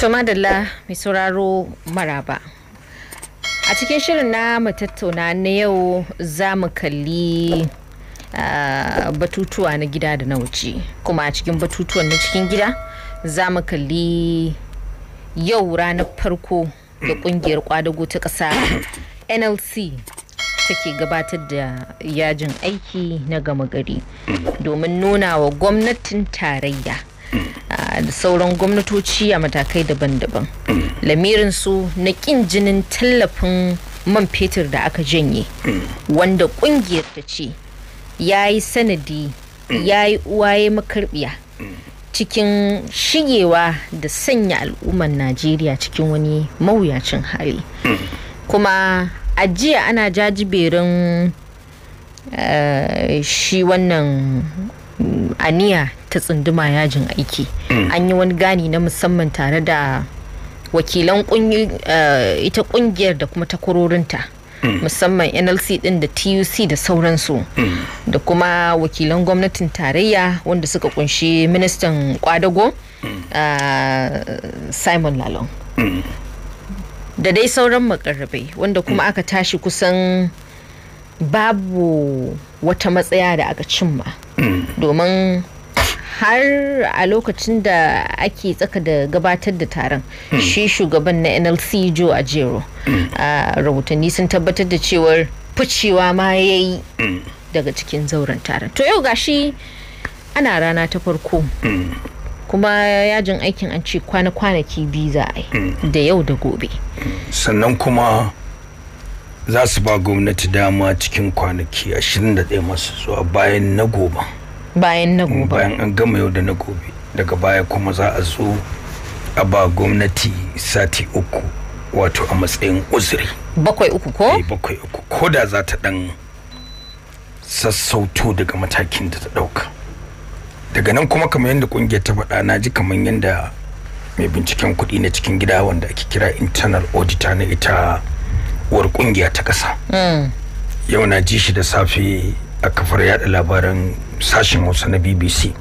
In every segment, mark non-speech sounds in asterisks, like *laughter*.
To madalla mai sauraro maraba. A cikin shirin na matattauna tattauna na yau za mu kalli ah, batutuwa na gida da na wuce. Kuma a cikin batutuwan na cikin gida za mu kalli yau ranar farko da kungiyar kwadago ta ƙasa NLC take gabatar da yajin aiki na gama gari domin nuna wa gwamnatin tarayya. Ah, da sauran gwamnatoci a matakai daban-daban lamirin su na kin jinin tallafin man fetur da aka janye wanda kungiyar ta ce ya yi sanadi ya yi uwaye makarbiya cikin shigewa da sanya al'ummar najeriya cikin wani mawuyacin hali kuma ajiya ana jajiberin eh, shi wannan aniya ta tsunduma yajin aiki mm. an yi wani gani na musamman tare da wakilan eh, ita kungiyar da kuma takwarorinta mm. musamman nlc din da tuc da sauransu mm. da kuma wakilan gwamnatin tarayya wanda suka kunshi ministan kwadago eh, simon lalon da dai sauran makarrabai wanda kuma aka tashi kusan babu wata matsaya da aka cimma domin har a lokacin da ake tsaka da gabatar da taron shi shugaban na nlc joe ajero a rahotanni sun tabbatar da cewar ficewa ma ya yi daga cikin zauren taron to yau gashi ana rana ta farko kuma yajin aikin an ce kwana-kwanaki biyu za a yi da yau da gobe sannan kuma za su ba gwamnati dama cikin kwanaki 21 masu zuwa bayan na gobe bayan na gobe bayan an gama yau da na gobe daga baya kuma za a zo a ba gwamnati sati uku wato a matsayin uzuri bakwai uku ko? Eh, bakwai uku ko da za ta dan sassauto daga matakin da ta dauka daga nan kuma kamar yadda kungiyar ta faɗa na ji kamar yadda mai binciken kuɗi na cikin gida wanda ake kira internal auditor na ita uwar kungiya ta kasa hmm. yau na ji shi da safe a kafar yada labaran sashen hausa na bbc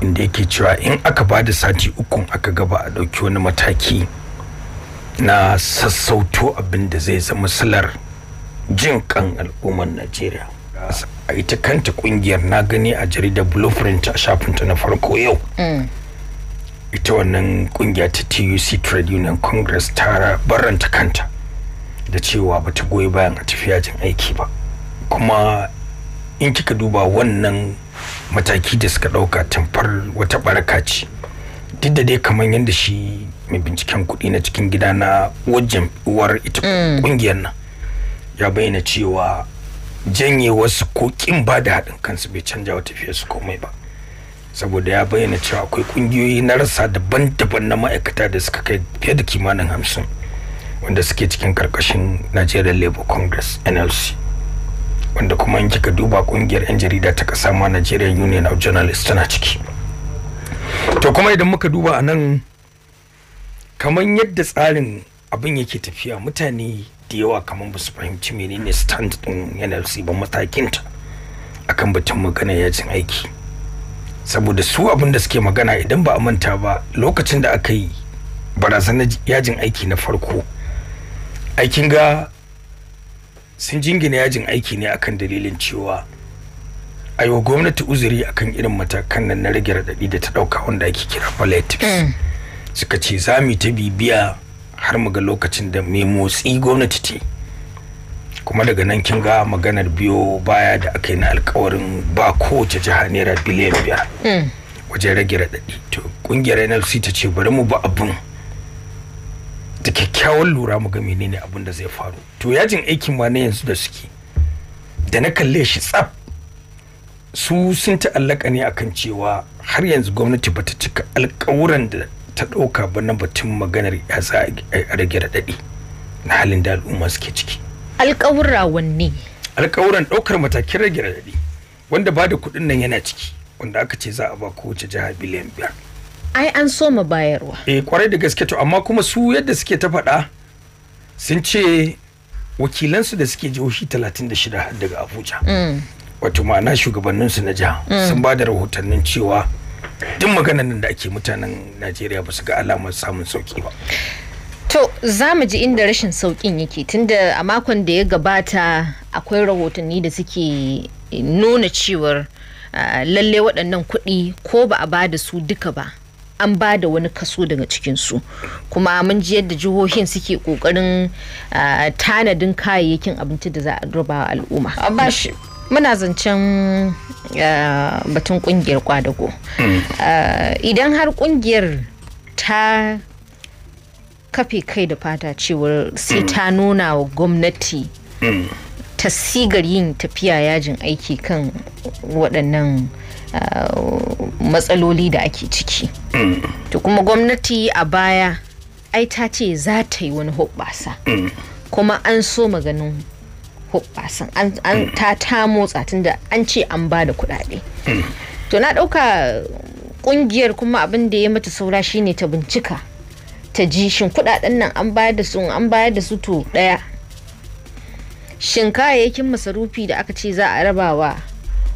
inda yake cewa in aka ba da sati uku aka gaba a ɗauki wani mataki na sassauto abin da zai zama silar jin kan al'ummar najeriya a ita kanta kungiyar na gani a jaridar blueprint a shafinta na farko yau hmm. ita wannan kungiya ta tuc trade union congress ta baranta kanta da cewa ba ta goyi bayan a tafiya yajin aiki ba kuma in kika duba wannan mataki da suka ɗauka tamfar wata baraka ce duk da dai kamar yadda shi mai binciken kuɗi na cikin gida na wajen uwar ita mm. ƙungiyar nan ya bayyana cewa janye wasu ko bada ba da haɗin kansu bai canja wa su komai ba saboda ya bayyana cewa akwai ƙungiyoyi na rasa daban-daban na ma'aikata da suka kai fiye da kimanin hamsin wanda suke cikin karkashin Nigerian Labour Congress NLC wanda kuma in kika duba kungiyar 'yan jarida ta kasa ma Nigerian Union of Journalists tana ciki to kuma idan muka duba anan kaman yadda tsarin abin yake tafiya mutane da yawa kaman ba su fahimci menene stand din NLC ba matakinta akan batun magana yajin aiki saboda su abin da suke magana idan ba a manta ba lokacin da aka yi barazanar yajin aiki na farko ai ga sun jingina yajin aiki ne akan dalilin cewa a gwamnati uzuri akan irin matakan nan na rage raɗaɗi da ta ɗauka wanda ake kira politics mm. suka ce za mu ta bibiya har mu ga lokacin da mai motsi gwamnati ce kuma daga nan kin ga maganar biyo baya da aka yi na alkawarin ba kowace jiha naira biliyan biyar mm. wajen rage raɗaɗi to ƙungiyar nlc ta ce bari mu ba abin da kyakkyawan lura mu ga menene abin da zai faru to yajin aikin ma na yanzu da suke da na kalle shi tsaf su sun ta'allaka ne akan cewa har yanzu gwamnati bata cika alkawuran da ta ɗauka ba na batun maganar ya za a rage raɗaɗi na halin da al'umma suke ciki alkawura wanne alkawuran ɗaukar matakin rage raɗaɗi wanda ba da kuɗin nan yana ciki wanda aka ce za a ba kowace jiha biliyan biyar ai an so ma bayarwa eh kwarai da gaske to amma kuma su yadda suke ta faɗa sun ce wakilansu da suke jihohi 36 daga abuja mm. wato ma'ana shugabanninsu na jiha mm. sun ba da rahotannin cewa duk maganan da ake mutanen najeriya ba su ga alamar samun sauki ba To za mu ji inda rashin saukin yake tunda a makon da ya gabata akwai rahotanni da suke nuna cewar ah, lalle waɗannan kuɗi ko ba a ba da su duka ba an ba da wani kaso daga cikinsu kuma mun ji yadda jihohin suke kokarin tanadin kayayyakin abinci da za a raba al'umma muna zancen batun kungiyar kwadago idan har kungiyar ta kafe kai da fata cewar sai ta nuna wa gwamnati ta sigar yin tafiya yajin aiki kan waɗannan Uh, matsaloli da ake ciki mm. to kuma gwamnati a baya ai ta ce za ta yi wani hoɓɓasa mm. kuma an so maganin hoɓɓasan an mm. ta ta motsa tunda an ce an ba da kuɗaɗe to na ɗauka ƙungiyar kuma abin da ya mata saura shine ta bincika ta ji shin kuɗaɗen nan an bayar da su an bayar da su to ɗaya shin kayayyakin masarufi da aka ce za a rabawa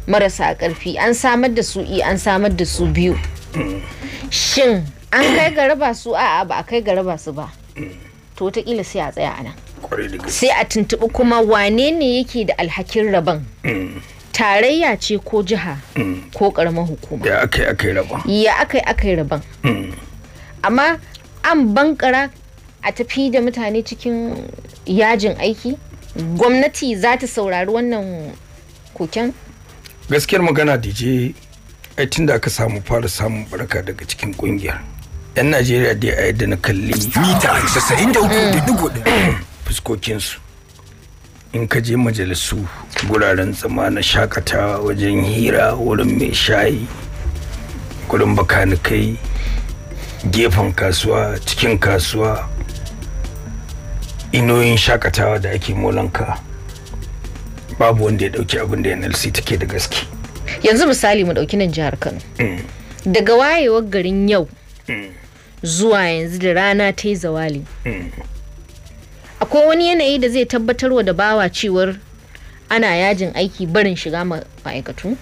marasa ƙarfi an samar da su i e, an samar da su biyu shin an kai ga raba su a'a ba a kai ga raba su ba to wataƙila sai a tsaya a nan sai a tuntuɓi kuma wane ne yake da alhakin raban tarayya ce ko jiha ko ƙaramin hukuma ya akai akai raban ya akai akai raban amma an bankara a tafi da mutane cikin yajin aiki gwamnati za ta saurari wannan koken gaskiyar magana dj a tun da aka samu fara samun baraka daga cikin kungiyar yan najeriya dai a yadda na kalli mita 93.4 fuskokinsu in ka je majalisu guraren zama na shakata wajen hira wurin mai shayi gurin bakanikai gefen kasuwa cikin kasuwa inoyin shakatawa da ake molanka babu wanda ya dauki abin da nlc take da gaske yanzu misali mu dauki nan jihar kano mm. daga wayewar garin yau mm. zuwa yanzu da rana ta yi zawali mm. akwai wani yanayi da zai tabbatarwa da bawa cewar ana yajin aiki barin shiga ma'aikatu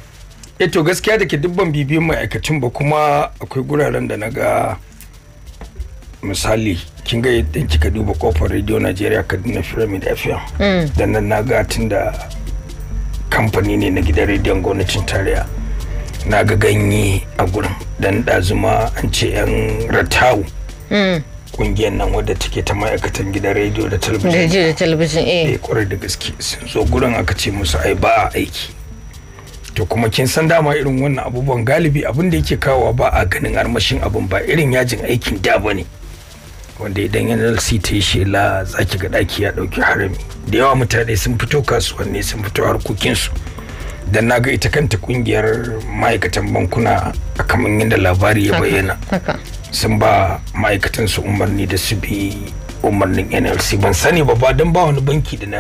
eh to gaskiya da ke dubban bibiyan ma'aikacin ba kuma akwai guraren da na ga misali kin ga yadda kika duba kofar radio Najeriya Kaduna Pyramid FM dan nan na ga tun da kamfani ne na gidan rediyon gwamnatin tarayya na ga ganye a gurin dan ɗazuma an ce yan ratawu kungiyar hmm. nan wadda take ta ma'aikatan gidan rediyo da talabijin da kwarai eh. eh, da gaske sun zo gurin aka ce musu ai ba a aiki to kuma kin san dama irin wannan abubuwan galibi abin da yake kawo ba a ganin armashin abin ba irin yajin aikin da ba ne wanda idan nlc ta yi shela za ki ga ɗaki ya ɗauki harami da yawa mutane sun fito kasuwanni sun fito harkokinsu da na ga ita kanta kungiyar ma'aikatan bankuna a kamar yadda labari ya bayyana sun ba ma'aikatan su umarni da su bi umarnin nlc ban sani ba ba don ba wani banki da na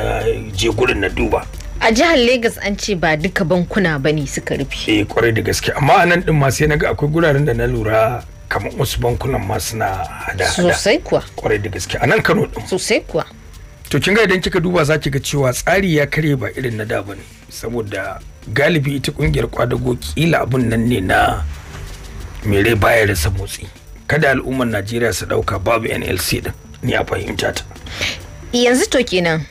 je gurin na duba a jihar Legas an ce ba duka bankuna ba ne suka rufe. Eh kwarai da gaske amma a nan din ma sai naga akwai guraren da na lura kamar wasu bankunan ma suna hada sosai kuwa kwarai da gaske a nan kano din sosai kuwa to kin ga idan kika duba za ki ga cewa tsari ya kare ba irin na da bane saboda galibi ita kungiyar kwadago kila abun nan ne na mere baya rasa motsi kada al'ummar najeriya su dauka babu nlc din ni a fahimta ta yanzu to kenan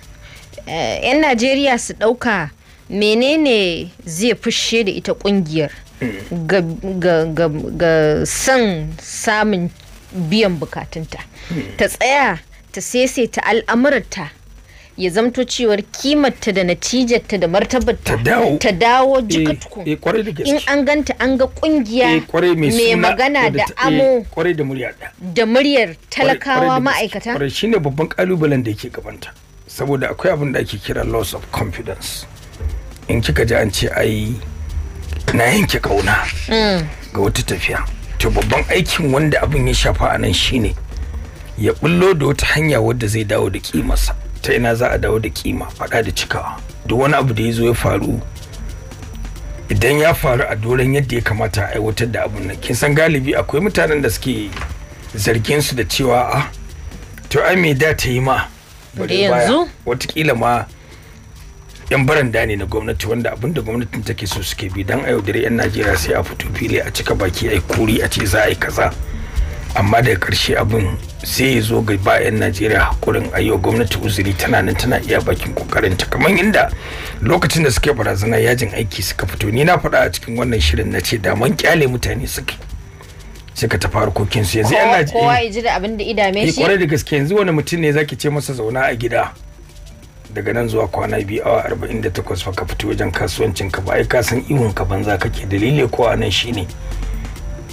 eh, yan najeriya su dauka menene zai fushe da ita kungiyar ga son samun biyan bukatunta ta tsaya ta sese ta al'amurta ya zamto cewar kimarta da natijarta da martabarta ta dawo eh, jikatku eh, in an ganta an ga kungiya eh, mai magana da amo da muryar talakawa ma'aikata kwarai shine babban kalubalen da yake gabanta saboda akwai abin da ake kira loss of confidence in kika ji an ce ai na yanke kauna mm. ga wata tafiya to babban aikin wanda abin ya shafa a nan shine ya bullo da wata hanya wadda zai dawo da kimarsa ta ina za a dawo da kima faɗa da cikawa duk wani abu da ya zo ya faru idan ya faru a doron yadda ya kamata a aiwatar da abun nan kin san galibi akwai mutanen da suke zargin su da cewa a ah, to ai me da ta yi ma yanzu watakila ma yan baranda ne na gwamnati wanda abin da gwamnatin take so suke bi dan a yaudare yan najeriya sai a fito fili a cika baki a yi kuri a ce za a yi kaza amma daga karshe abin sai ya zo ga ba 'yan najeriya hakurin a gwamnati uzuri tana nan tana iya bakin kokarin ta kamar inda lokacin da suke barazana yajin aiki suka fito ni na faɗa a cikin wannan shirin nace ce da man kyale mutane suka suka tafi kokin su yanzu yan najeriya kowa ya ji da abin da idame eh, shi kwarai da gaske yanzu wani mutum ne zaki ce masa zauna a gida daga nan zuwa kwana biyu awa arba'in da takwas fa ka fito wajen kasuwancin ka ba ai ka san ihun ka banza kake dalili ko a nan shine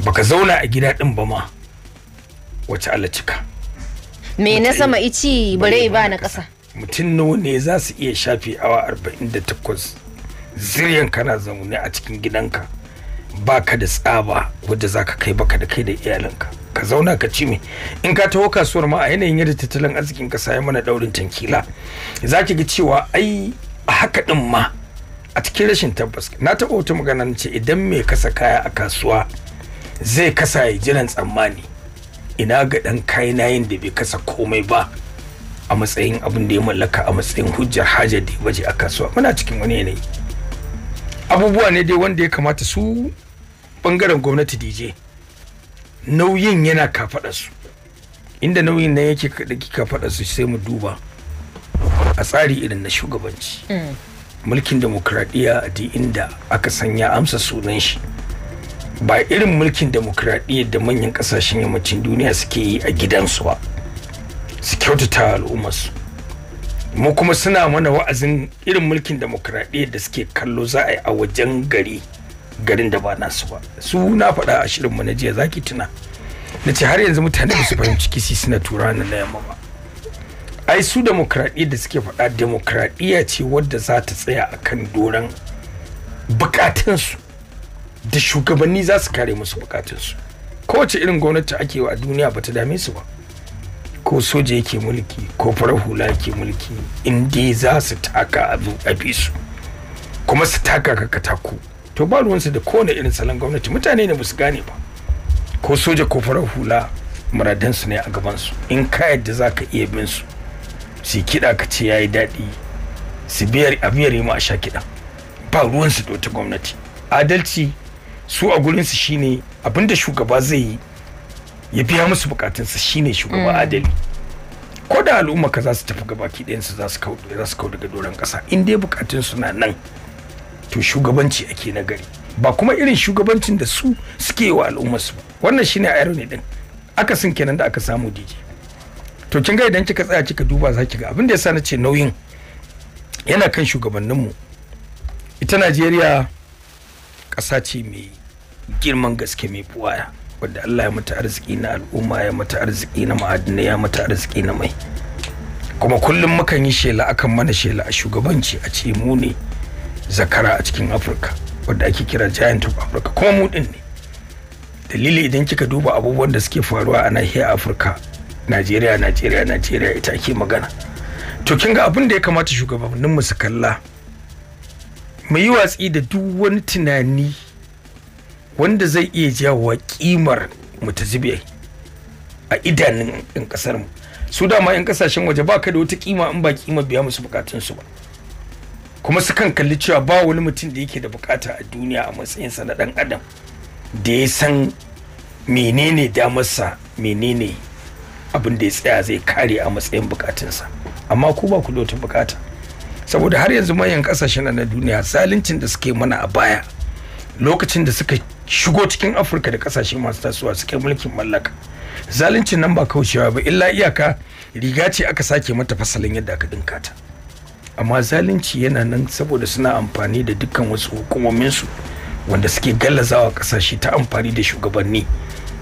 baka zauna a gida din ba ma wace ala cika me na sama ici bare ba na kasa mutum nawa ne za su iya shafe awa arba'in da takwas ziryan kana zaune a cikin gidanka baka da tsaba wadda zaka kai baka da kai da iyalinka ka zauna ka ci me in ka taho kasuwar ma a yanayin yadda tattalin arzikin kasa sai mana daurin tankila za ki ga cewa ai a haka din ma a cikin rashin tabbas na taɓa wata magana na ce idan mai kasa kaya a kasuwa zai kasa ya jiran tsammani ina ga ɗan yin da bai kasa komai ba a matsayin abin da ya mallaka a matsayin hujjar hajar da ya baje a kasuwa muna cikin wani yanayi abubuwa ne dai wanda ya kamata su bangaren gwamnati dj nauyin yana kafadarsu inda nauyin nan yake su sai mu duba a tsari irin na shugabanci hmm. mulkin demokradiyya a inda aka sanya amsa sunan shi ba irin mulkin demokradiyya da manyan ƙasashen yammacin duniya suke yi a gidansu ba su kyautata al'ummarsu mu kuma suna mana wa'azin irin mulkin demokradiyya da suke kallo za a yi a wajen gari garin da ba nasu ba su na faɗa a shirinmu na jiya zaki tuna na ce har yanzu mutane ba su fahimci kisi suna tura na na yamma ba ai su demokradiyya da suke faɗa demokradiyya ce wadda za ta tsaya a kan doron bukatunsu da shugabanni za su kare musu bukatunsu kowace irin gwamnati ake wa a duniya ba ta dame su ba ko soja yake mulki ko farar hula yake mulki in dai za su taka a kuma su taka ka katako to ba ruwansu da kowane irin salon gwamnati mutane ne ba su gane ba ko soja ko farar hula muradansu ne a gabansu in ka yadda za ka iya bin su su kiɗa ka ce ya yi daɗi su biyar a biyar ma a sha kiɗa ba ruwansu da wata gwamnati adalci su a gurinsu shine abinda shugaba zai yi ya biya musu bukatunsa shine shugaba mm. adali ko da al'umma ka za su tafi gabaki ɗayansu za su kau daga doron ƙasa in dai bukatun na nan wato shugabanci ake na gari ba kuma irin shugabancin da su suke wa al'ummarsu ba wannan shine irony din akasin kenan da aka samu DJ to kin ga idan kika tsaya kika duba za ki ga abin da yasa na ce nauyin yana kan shugabanninmu ita Najeriya ƙasa ce mai girman gaske mai buwaya wadda Allah ya mata arziki na al'umma ya mata arziki na ma'adinai ya mata arziki na mai kuma kullum mukan yi shela akan mana shela a shugabanci a ce mu ne zakara a cikin afirka wadda ake kira giant of africa kuma mu din ne dalili idan kika duba abubuwan da suke faruwa a nahiyar afirka najeriya najeriya najeriya ita ake magana to kin ga abin da ya kamata shugabannin mu su kalla mu yi watsi da duk wani tunani wanda zai iya jawo kimar mu ta zube a idanun 'yan kasar mu su dama 'yan kasashen waje ba ka da wata kima in ba kima biya musu bukatun su ba kuma sukan kalli cewa ba wani mutum da yake da bukata a duniya a matsayinsa na dan adam da ya san menene damarsa menene abin da ya tsaya zai kare a matsayin bukatunsa amma ku ba ku da wata bukata saboda har yanzu manyan kasashen na duniya zaluncin da suke mana a baya lokacin da suka shigo cikin afirka da kasashe masu tasowa suke mulkin mallaka zaluncin nan ba kaucewa ba illa iyaka riga ce aka sake mata fasalin yadda aka dinka ta amma zalunci yana nan saboda suna amfani da dukkan wasu hukumominsu wanda suke gallazawa kasashe ta amfani da shugabanni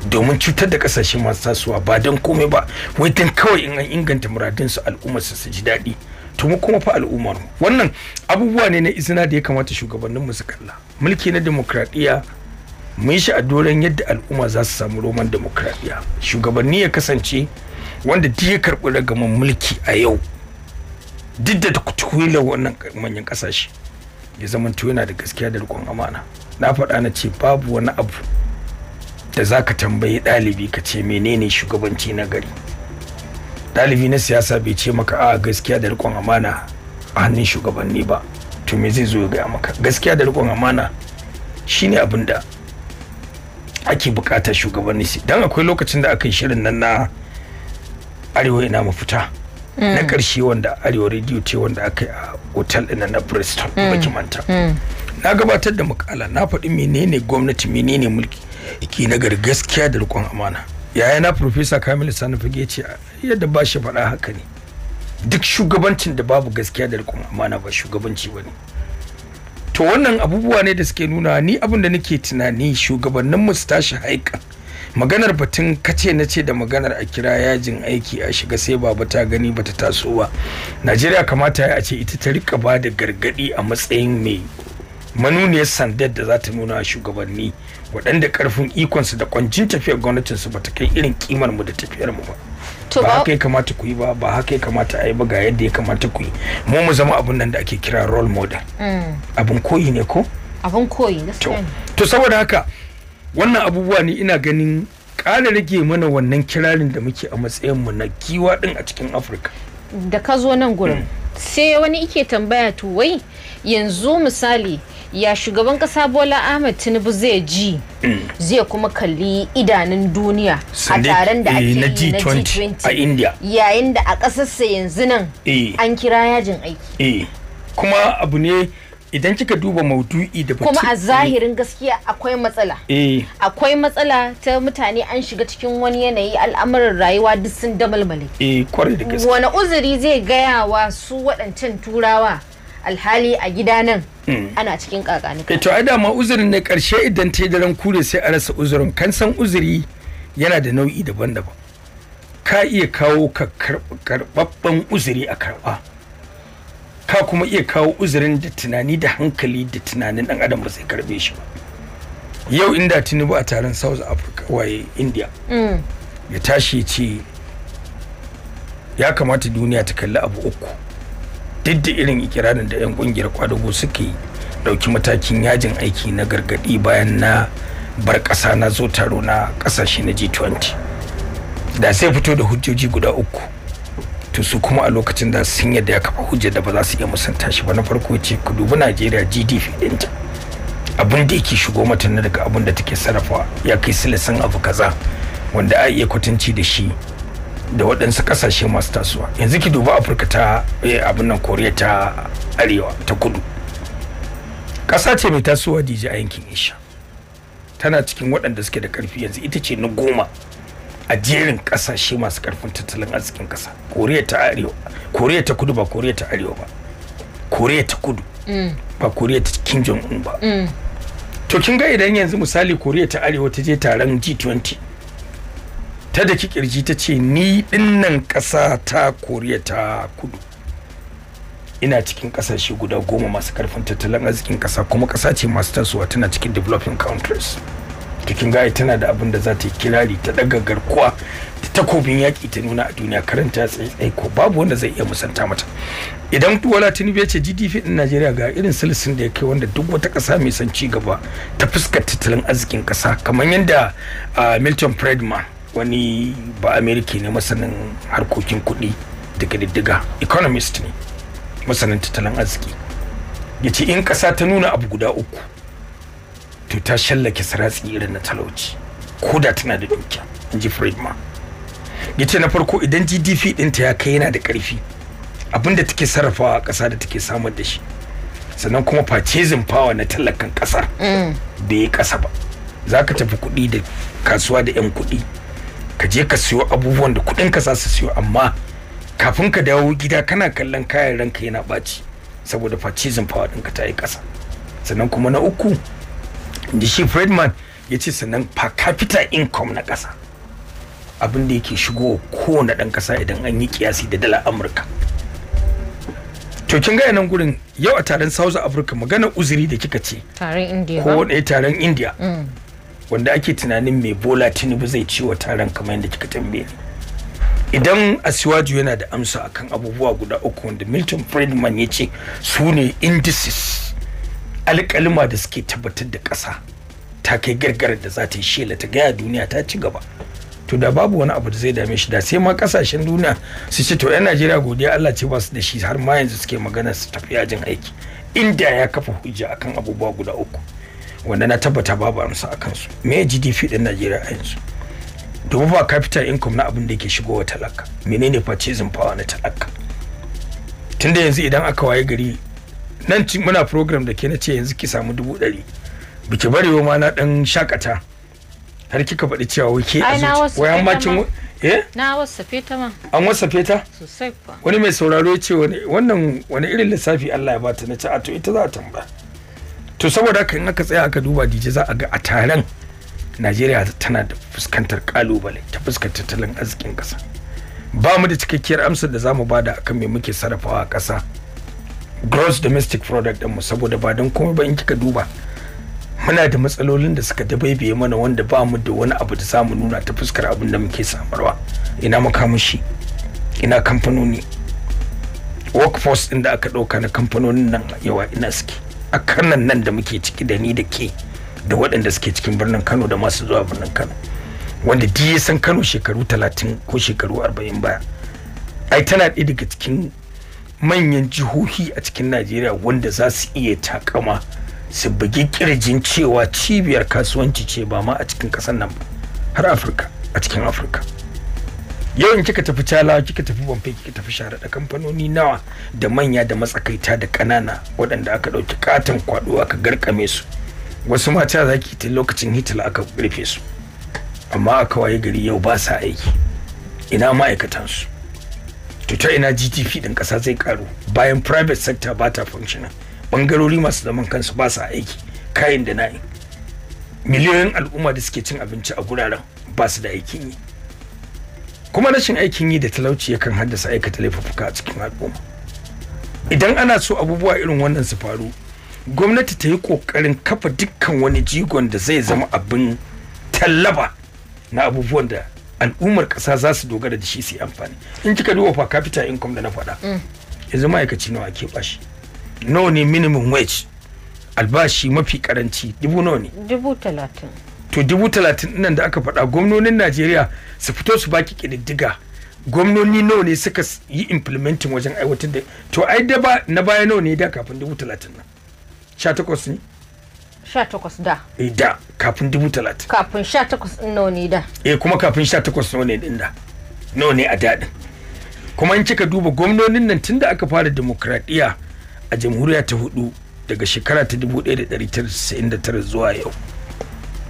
domin cutar da kasashe masu tasowa ba don komai ba wai don kawai in an inganta muradinsu al'umma su ji daɗi to mu kuma fa al'ummar wannan abubuwa ne na izina da ya kamata shugabanninmu su kalla mulki na demokradiyya mun shi a doron yadda al'umma za su samu roman demokradiyya shugabanni ya kasance wanda duk ya karɓi ragaman mulki a yau duk da tukwila wannan manyan kasashe ya zamanto yana da gaskiya da rikon amana na faɗa na ce babu wani abu da za ka tambayi ɗalibi ka ce menene shugabanci na gari ɗalibi na siyasa bai ce maka a gaskiya da rikon amana a hannun shugabanni ba to me zai zo ya gaya maka gaskiya da rikon amana shine abin da ake bukatar shugabanni don akwai lokacin da aka yi shirin nan na arewa ina mafita na mm. karshe wanda arewa radio ce wanda aka yi a otal ɗin na bristol mm. baki manta mm. na gabatar da makala na faɗi menene gwamnati menene mulki ke na gaskiya da rikon amana yaya na profesa kamil sani fage ce yadda ba shi faɗa haka ne duk shugabancin da babu gaskiya da rikon amana ba shugabanci ba ne to wannan abubuwa ne da suke nuna ni abin da nake tunani shugabanninmu su tashi haika maganar batun kace na ce da maganar a kira yajin aiki a shiga sai baba ta gani bata taso ba najeriya kamata a ce ita ta rika ba da gargadi a matsayin mai manuniyar sandar da za ta nuna shugabanni waɗanda karfin ikonsu da kwancin tafiyar gwamnatinsu ba ta kai irin kimar mu da tafiyar mu ba ba haka ya kamata ku yi ba ba haka ya kamata a yi ba ga yadda ya kamata ku yi mu mu zama abin nan da ake kira role model mm. abin koyi ne ko abin koyi to saboda haka wannan abubuwa ne ina ganin ƙara rage mana wannan kirarin da muke a matsayinmu na giwa ɗin a cikin afirka da ka zo nan gurin mm. sai wani ike tambaya to wai yanzu misali ya shugaban kasa bola ahmed tinubu zai ji mm. zai kuma kalli idanun duniya a taron da eh, ake yi na g20 a india yayin da a ƙasarsa yanzu nan eh. an kira yajin aiki eh. kuma abu ne idan kika duba maudu'i da kuma a zahirin gaskiya akwai matsala eh. akwai matsala ta mutane an shiga cikin wani yanayi al'amuran rayuwa duk sun damalmale eh, wani uzuri zai gaya wa su waɗancan turawa alhali a gida nan hmm. ana cikin kakanika eh, to ai dama uzurin ne karshe idan ta daren kure sai a rasa uzurin kan san uzuri yana da nau'i daban-daban ka iya kawo ka karɓaɓɓen uzuri a karɓa ka kuma iya kawo uzurin da tunani da hankali da tunanin dan adam ba zai karbe shi ba yau inda tinubu a taron south africa waye india mm. ya tashi ce ya kamata duniya ta kalli abu uku duk da irin ikirarin da 'yan kungiyar kwadago suke yi dauki matakin yajin aiki na gargadi bayan na bar kasa na zo taro na kasashe na g20 da sai fito da hujjoji guda uku to su kuma a lokacin da sun yadda ya kafa hujjar da ba za su iya musanta shi ba na farko ce ku dubi najeriya gdp ɗinta abin da yake shigo mata na daga abin da take sarrafa ya kai silisan abu kaza wanda a iya kwatanci da shi da waɗansu ƙasashe masu tasowa yanzu ki duba afirka ta eh, abin nan koriya ta arewa ta kudu ƙasa ce mai tasowa dj a yankin isha tana cikin waɗanda suke da ƙarfi yanzu ita ce na goma a jerin kasashe masu karfin tattalin arzikin kasa koriya ta arewa koriya ta kudu ba koriya ta arewa ba koriya ta kudu mm. ba koriya ta kim jong un ba mm. to kin ga idan yanzu misali koriya ta arewa ta je taron g20 ta da kirji ta ce ni dinnan kasa ta koriya ta kudu ina cikin kasashe guda goma masu karfin tattalin arzikin kasa kuma kasa ce masu tasowa tana cikin developing countries tukin gaya tana da abin da za ta yi kirari ta daga garkuwa ta takobin yaki ta nuna a duniya karanta tsaye ko babu wanda zai iya musanta mata idan wala tinubu ya ce gdp din najeriya ga irin silisin da ya kai wanda duk wata kasa mai son ci gaba ta fuska tattalin arzikin ƙasa kamar yadda milton friedman wani ba amerika ne masanin harkokin kuɗi daga diddiga economist ne masanin tattalin arziki ya ce in ƙasa ta nuna abu guda uku to ta shallake siratsi irin na talauci ko da tana da dukiya in ji friedman ya ce na farko idan gdp ɗinta ya kai yana da ƙarfi abinda take sarrafawa a ƙasa da take samar da shi sannan kuma purchasing power na talakan ƙasar bai yi ƙasa ba za ka tafi kuɗi da kasuwa da 'yan kuɗi ka je ka siyo abubuwan da kuɗin ka za su siyo amma kafin ka dawo gida kana kallon kayan ranka yana ɓaci saboda purchasing power ɗinka ta yi ƙasa sannan kuma na uku da shi fredman ya ce sannan per capita income na ƙasa abin da yake shigo kowane ɗan ƙasa idan an yi kiyasi da dala amurka to kin ga nan gurin yau a taron south africa maganar uzuri da kika ce taron india ko ɗaya taron india mm. wanda ake tunanin mai bola tinubu zai ci wa taron kamar yadda kika tambaye idan asiwaju yana da amsa akan abubuwa guda uku wanda milton friedman ya ce su ne indices alƙalima da suke tabbatar da ƙasa ta kai gargarar da za ta yi shela ta gaya duniya ta ci gaba to da babu wani abu da zai dame shi da sai ma kasashen duniya su ce to 'yan najeriya godiya allah ce ba su da shi har ma yanzu suke magana su tafi yajin aiki inda ya kafa hujja akan abubuwa guda uku wanda na tabbata babu amsa a kansu me gdp din najeriya a yanzu domin ba capital income na abin da yake wa talaka menene purchasing fawa na talaka tunda yanzu idan aka waye gari nan cin muna program da ke na ce yanzu ki samu dubu ɗari biki barewa ma na ɗan shakata har kika faɗi cewa wai ke a zuci wai an macin eh na wasafe ta ma an wasafe ta sosai kuwa wani mai sauraro ya ce wannan wani irin lissafi Allah ya bata na ce a to ita za a tambaya to saboda haka in aka tsaya aka duba dije za a ga a taron Najeriya tana da fuskantar kalubale ta fuskantar tattalin arzikin kasa ba mu da cikakkiyar amsar da za mu bada akan me muke sarrafawa a kasa gross domestic product ɗinmu saboda ba don kuma ba in kika duba muna da matsalolin da suka dabaibaye mana wanda ba mu da wani abu da za mu nuna ta fuskar abin da muke samarwa ina makamashi ina kamfanoni workforce ɗin da aka ɗauka na kamfanonin nan yawa ina suke a kanan nan da muke ciki da ni da ke da waɗanda suke cikin birnin kano da masu zuwa birnin kano wanda duk san kano shekaru talatin ko shekaru arba'in baya ai tana ɗaya daga cikin manyan jihohi a cikin najeriya wanda za su iya takama su bugi kirjin cewa cibiyar kasuwanci ce ba ma a cikin ƙasar nan ba har afirka a cikin afirka yawan kika tafi tala kika tafi bamfe kika tafi share da kamfanoni nawa da manya da matsakaita da ƙanana waɗanda aka ɗauki katon kwaɗo aka garkame su wasu mata za ki ta lokacin hitil aka rufe su amma aka waye gari yau ba sa aiki ina ma'aikatansu to ina gdp din kasa zai karu bayan private sector ba ta functioning bangarori masu zaman kansu ba sa aiki kayan da na'in miliyoyin al'umma da suke cin abinci a guraren ba su da aikin yi kuma rashin aikin yi da talauci yakan haddasa aikata laifuka a cikin al'umma idan ana so abubuwa irin wannan su faru gwamnati ta yi kokarin kafa dukkan wani jigon da zai zama abin tallaba na abubuwan da al'ummar ƙasa za su dogara da shi su yi amfani in kika duba fa capital income da na faɗa mm. yanzu ma'aikaci nawa ake bashi nawa ne minimum wage albashi mafi karanci dubu nawa ne dubu talatin to dubu talatin nan da aka faɗa gwamnonin najeriya su fito su baki ƙididdiga gwamnoni nawa ne suka yi implementing wajen aiwatar da to ai da na baya nawa ne da kafin dubu talatin nan sha takwas ne 18 da eh, da kafin dubu talatin kafin 18 nawa ne da eh kuma kafin 18 nawa ne din da nawa ne a daɗin kuma in cika duba gwamnonin nan tunda aka fara demokradiyya a jamhuriya ta hudu daga shekara ta 1999 zuwa yau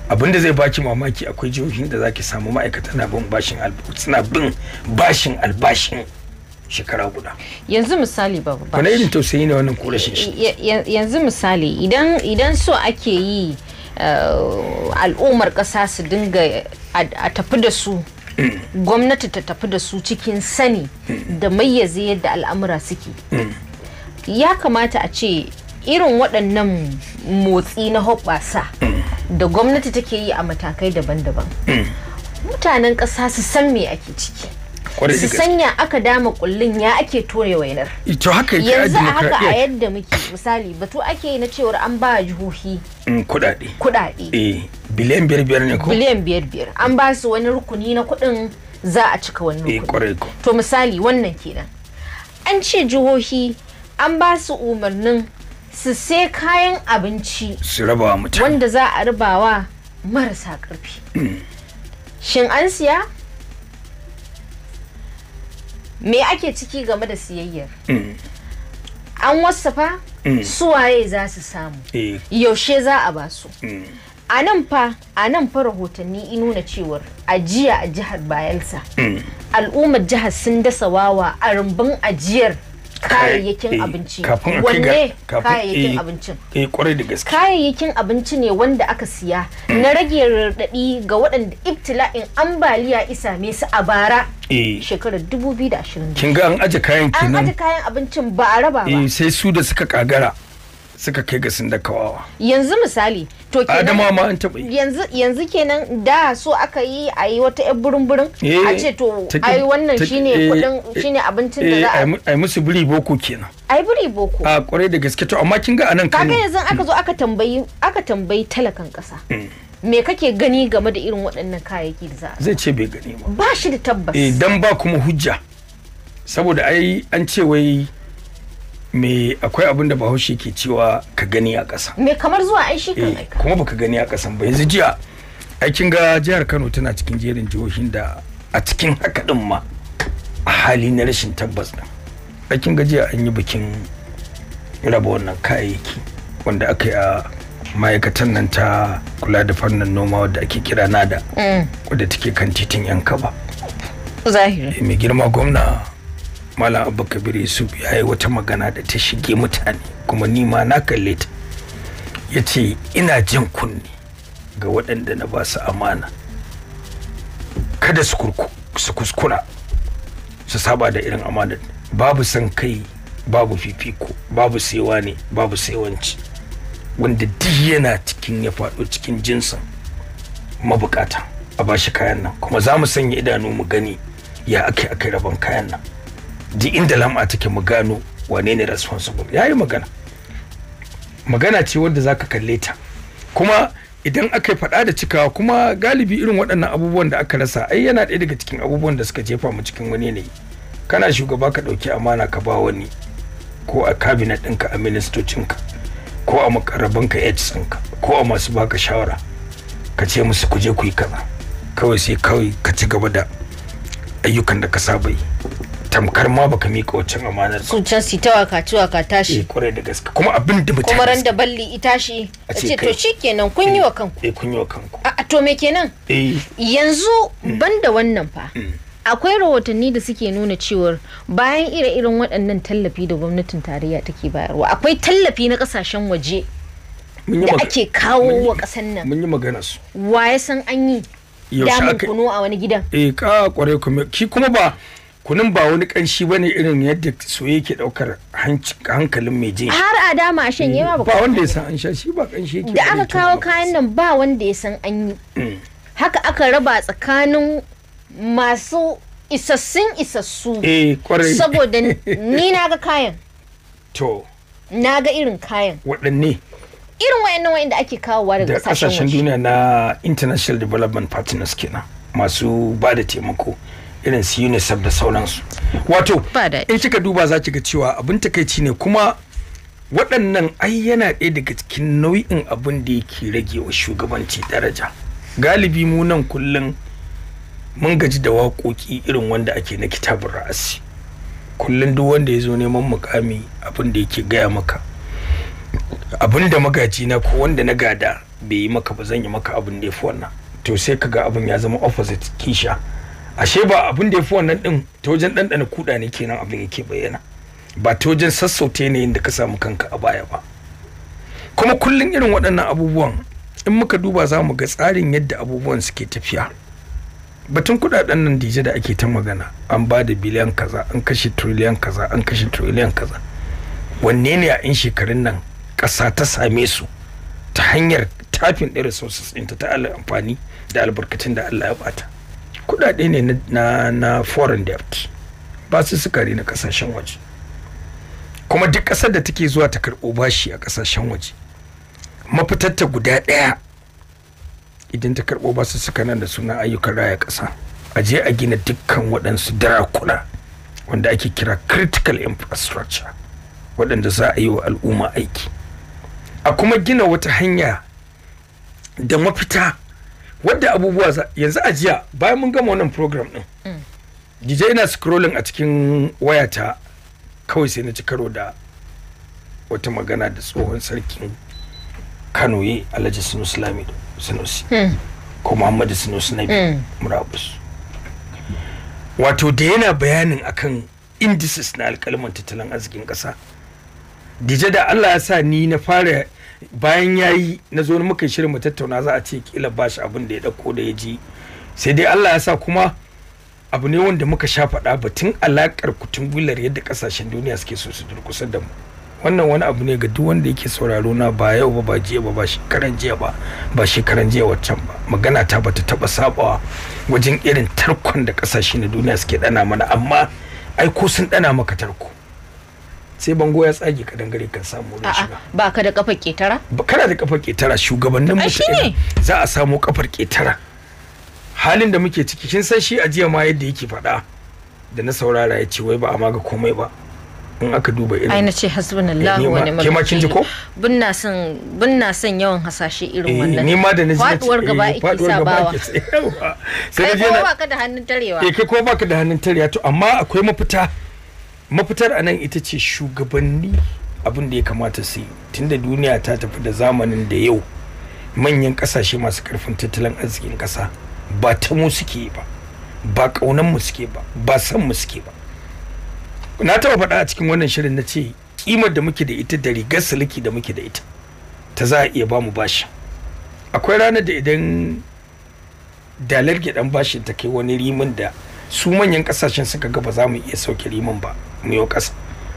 abin da zai baki mamaki akwai jihohin da zaki samu ma'aikata na bin bashin albashin shekara guda yanzu misali ba ba Kana irin tausayi ne wannan kura shi yanzu misali idan idan so ake yi eh, al'ummar ƙasa su dinga a tafi da su mm. gwamnati ta tafi da su cikin sani mm. da mayyaze yadda al'amura suke mm. ya kamata a ce irin waɗannan motsi na hoɓɓasa da gwamnati take yi a matakai daban-daban mutanen ƙasa su san me ake ciki su sanya aka dama kullun ya ake tore wainar to haka yake yanzu a haka a yadda muke misali batu ake na cewar an ba jihohi mm, kudade kudade eh biliyan biyar biyar ne ko biliyan biyar biyar an ba su wani rukuni na kudin za a cika wani rukuni. eh to misali wannan kenan an ce jihohi an ba su umarnin su sai kayan abinci su rabawa mutane wanda za a rubawa marasa karfi mm. shin an siya me ake ciki game da siyayyar mm. an wasafa mm. waye za su samu eh. yaushe za a ba su mm. a nan fa a fa rahotanni in nuna cewar ajiya a jihar bayelsa al'ummar jihar sun dasa wawa a rumbun ajiyar kayayyakin eh, eh, abinci wanne kayayyakin eh, abincin eh kwarai da gaske kayayyakin abinci ne wanda aka siya na rage raɗaɗi ga waɗanda ibtila'in ambaliya isa me su a bara shekarar 2020 kin ga an aje kayan kinan an aje kayan abincin ba a raba ba sai su da suka kagara suka kai ga sun da kawawa yanzu misali to kenan adama ma an taɓa yanzu yanzu kenan da so aka yi a yi wata yan burin burin a eh, ce to ai wannan shine eh, kudin eh, shine abincin da za a yi musu biri boko kenan ai biri boko a kwarai da gaske to amma kin ga anan Kano kaga yanzu aka zo aka tambayi aka tambayi talakan kasa mm. me kake gani game da irin waɗannan kayayyaki da za a zai ce bai gani ba ba shi da tabbas eh dan ba kuma hujja saboda ai an ce wai me akwai abin da bahaushe ke cewa ka gani a ƙasa me kamar zuwa ai shi kan eh, aika kuma baka gani a ƙasan ba yanzu jiya aikin ga jihar Kano tana cikin jerin jihohin da a cikin haka din ma a hali na rashin tabbas din aikin ga jiya an yi bikin raba wannan kayayyaki wanda aka yi a ma'aikatan nan ta kula da fannin noma wadda ake kira nada mm. wadda take kan titin yan zahiri eh, mai girma gwamna malam abba kabir yusuf ya yi wata magana da ta shige mutane kuma ni ma na kalle ta ya ce ina jin kunni ga waɗanda na ba su amana kada su kuskura su saba da irin amana babu san kai babu fifiko babu saiwa ne babu saiwanci wanda duk yana cikin ya faɗo cikin jinsin mabukata a bashi kayan nan kuma za mu sanya idanu mu gani ya ake ake rabon kayan nan ji inda lam'a take mu gano wane ne responsible ya yi magana magana ce wadda za ka kalle ta kuma idan aka yi faɗa da cikawa kuma galibi irin waɗannan abubuwan da aka rasa ai yana ɗaya daga cikin abubuwan da suka jefa mu cikin wani yanayi kana shugaba ka ɗauki amana ka ba wani ko a kabinet ɗinka a ministocinka ko a makarabanka aids sanka ko a masu baka shawara ka ce musu ku je ku yi kaza kawai sai kawai ka ci gaba da ayyukan da ka saba yi tamkar ma baka mika wacce amana su can su ta waka ci waka tashi eh kwarai da gaske kuma abin da mutane kuma ran da balli i tashi a ce to shikenan kun yi wa eh, kanku eh kun yi wa kanku a to me kenan eh yanzu mm. banda wannan fa mm. akwai rahotanni da suke nuna cewar bayan ire-iren waɗannan tallafi da gwamnatin tarayya take bayarwa akwai tallafi na ƙasashen waje da ake kawo wa kasan nan mun yi magana su wa ya san an yi damun kuno a wani gidan eh ka kwarai kuma ki kuma ba kunun ba wani kanshi bane irin yadda soyayya ke daukar hankalin mai jin har a dama shan yi ba ba wanda ya san an sha shi ba kanshi yake da aka kawo kayan nan ba wanda ya san an yi mm. haka aka raba tsakanin masu isassun isassu eh kwarai saboda *laughs* ni na ga kayan to na ga irin kayan waɗanne irin wayannan wayanda ake kawo wa daga kasashen duniya na international development partners kenan masu ba da taimako irin su unicef da sauransu wato in kika duba za ki ga cewa abin takaici ne kuma waɗannan ai yana ɗaya daga cikin nau'in abin da yake rage wa shugabanci daraja galibi mu nan kullum mun gaji da waƙoƙi irin wanda ake na kitabun ra'asi kullum duk wanda ya zo neman mukami abin da yake gaya maka abin da magaji na ko wanda na gada bai yi maka ba zan yi maka abin da ya fi wannan to sai kaga abin ya zama opposite kisha ashe ba abin da ya fi wannan din ta wajen ɗanɗana kuɗa ne kenan abin yake bayyana ba ta wajen sassauta yanayin da ka samu kanka a baya ba kuma kullum irin waɗannan abubuwan in muka duba za mu ga tsarin yadda abubuwan suke tafiya batun kuɗaɗen nan dije da ake ta magana an ba da biliyan kaza an kashe triliyan kaza an kashe triliyan kaza wanne ne a 'yan shekarun nan ƙasa ta same su ta hanyar tafin ɗin resources ɗinta ta amfani da albarkatun da Allah ya bata kudade ne na na foreign debt ba su suka na kasashen waje kuma duk kasar da take zuwa ta karbo bashi a kasashen waje mafitarta guda ɗaya idan ta karɓo basu suka nan da suna ayyukan raya ƙasa a je a gina dukkan waɗansu dirakuna wanda ake kira critical infrastructure waɗanda za a yi wa al'umma aiki a kuma gina wata hanya da mafita wadda abubuwa yanzu a jiya bayan mun gama wannan program din mm. DJ ina scrolling a cikin wayata kawai sai na ci karo da wata magana da tsohon sarkin Kano yi Alhaji Sunusi Lamido Sanusi. Hmm. ko Muhammadu na Nabi hmm. Murabus wato da yana bayanin akan indices na alkalman tattalin arzikin kasa dije da Allah ya sa ni na fara bayan ya yi na zo muka shirin mu tattauna za a ce kila ba shi abin da ya dauko da ya ji sai dai allah ya sa kuma abu ne wanda muka sha faɗa batun alaƙar kutun gular yadda kasashen duniya suke so su durkusa da mu wannan wani abu ne ga duk wanda yake sauraro na ba yau ba ba jiya ba ba shekaran jiya ba ba shekaran jiya waccan ba magana ta bata taba sabawa wajen irin tarkon da kasashe na duniya suke dana mana amma ai ko sun dana maka tarko sai bango ya tsage ka dangare kan samu wurin shiga ba ka da kafar ketara ba kana da kafar ketara shugabannin mutane za a samu kafar ketara halin da muke ciki kin san shi ajiya ma yadda yake faɗa da na saurara ya ce wai ba a maga komai ba in aka duba irin aina ce hasbunallahu eh, wa ni'mal wakil kin ji ko bunna son bunna san yawan hasashe irin eh, wannan ni ma da naji faduwar gaba iki eh, sabawa *laughs* sai ko baka da hannun tarewa eh ko baka da hannun tarewa to amma akwai mafita mafitar a nan ita ce shugabanni abin da ya kamata su yi tunda duniya ta tafi da zamanin da yau manyan kasashe masu karfin tattalin arzikin kasa ba ta mu suke ba ba kaunan mu suke ba ba san mu suke ba na taba faɗa a cikin wannan shirin na ce kimar da muke da ita da rigar siliki da muke da ita ta za a iya ba mu bashi akwai ranar da idan dalar gidan bashin ta kai wani riman da su manyan kasashen suka ga ba za mu iya sauke riman ba ne kasa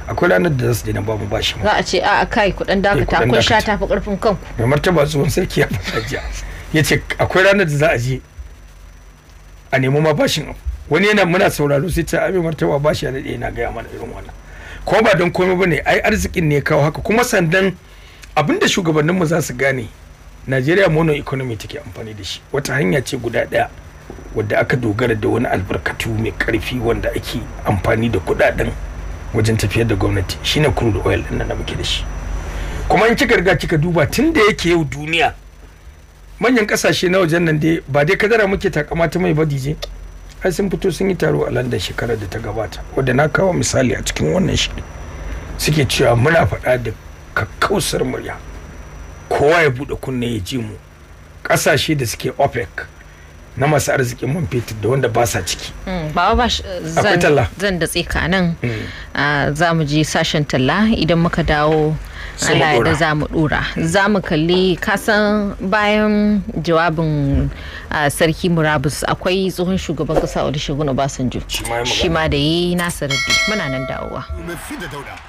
akwai ranar da za su daina bamu bashi ma za a ce a kai kuɗin dakata kun sha tafi ƙarfin kanku mai martaba tsohon sarki ya faɗa jiya ya ce akwai ranar da za a je a nemo ma bashin wani yana muna sauraro sai ta abin martaba bashi a daɗe yana gaya mana irin wannan kuma ba don komai bane ai arzikin ne kawo haka kuma sandan abinda shugabanninmu za su gane najeriya mono economy take amfani da shi wata hanya ce guda ɗaya wadda aka dogara da wani albarkatu mai ƙarfi wanda ake amfani da kuɗaɗen wajen tafiyar da gwamnati shine crude oil din nan da muke da shi kuma in kika riga kika duba tun da yake yau duniya manyan kasashe na wajen nan dai ba dai kadara muke takama ta mai badije ai sun fito sun yi taro a London shekarar da ta gabata wanda na kawo misali a cikin wannan shi suke cewa muna faɗa da kakkausar murya kowa ya buɗe kunne ya ji mu ƙasashe da suke OPEC na masu arzikin man fetur da wanda ba sa ciki. Hmm, Baba ba zan da tsika nan hmm. ah, za mu ji sashen talla idan muka dawo Allah da za mu dora. Za mu kalli kasan bayan jawabin ah, sarki murabus akwai tsohon shugaban kasa Olusegun Obasanjo. Shi ma da yi nasa rabbi muna nan dawowa.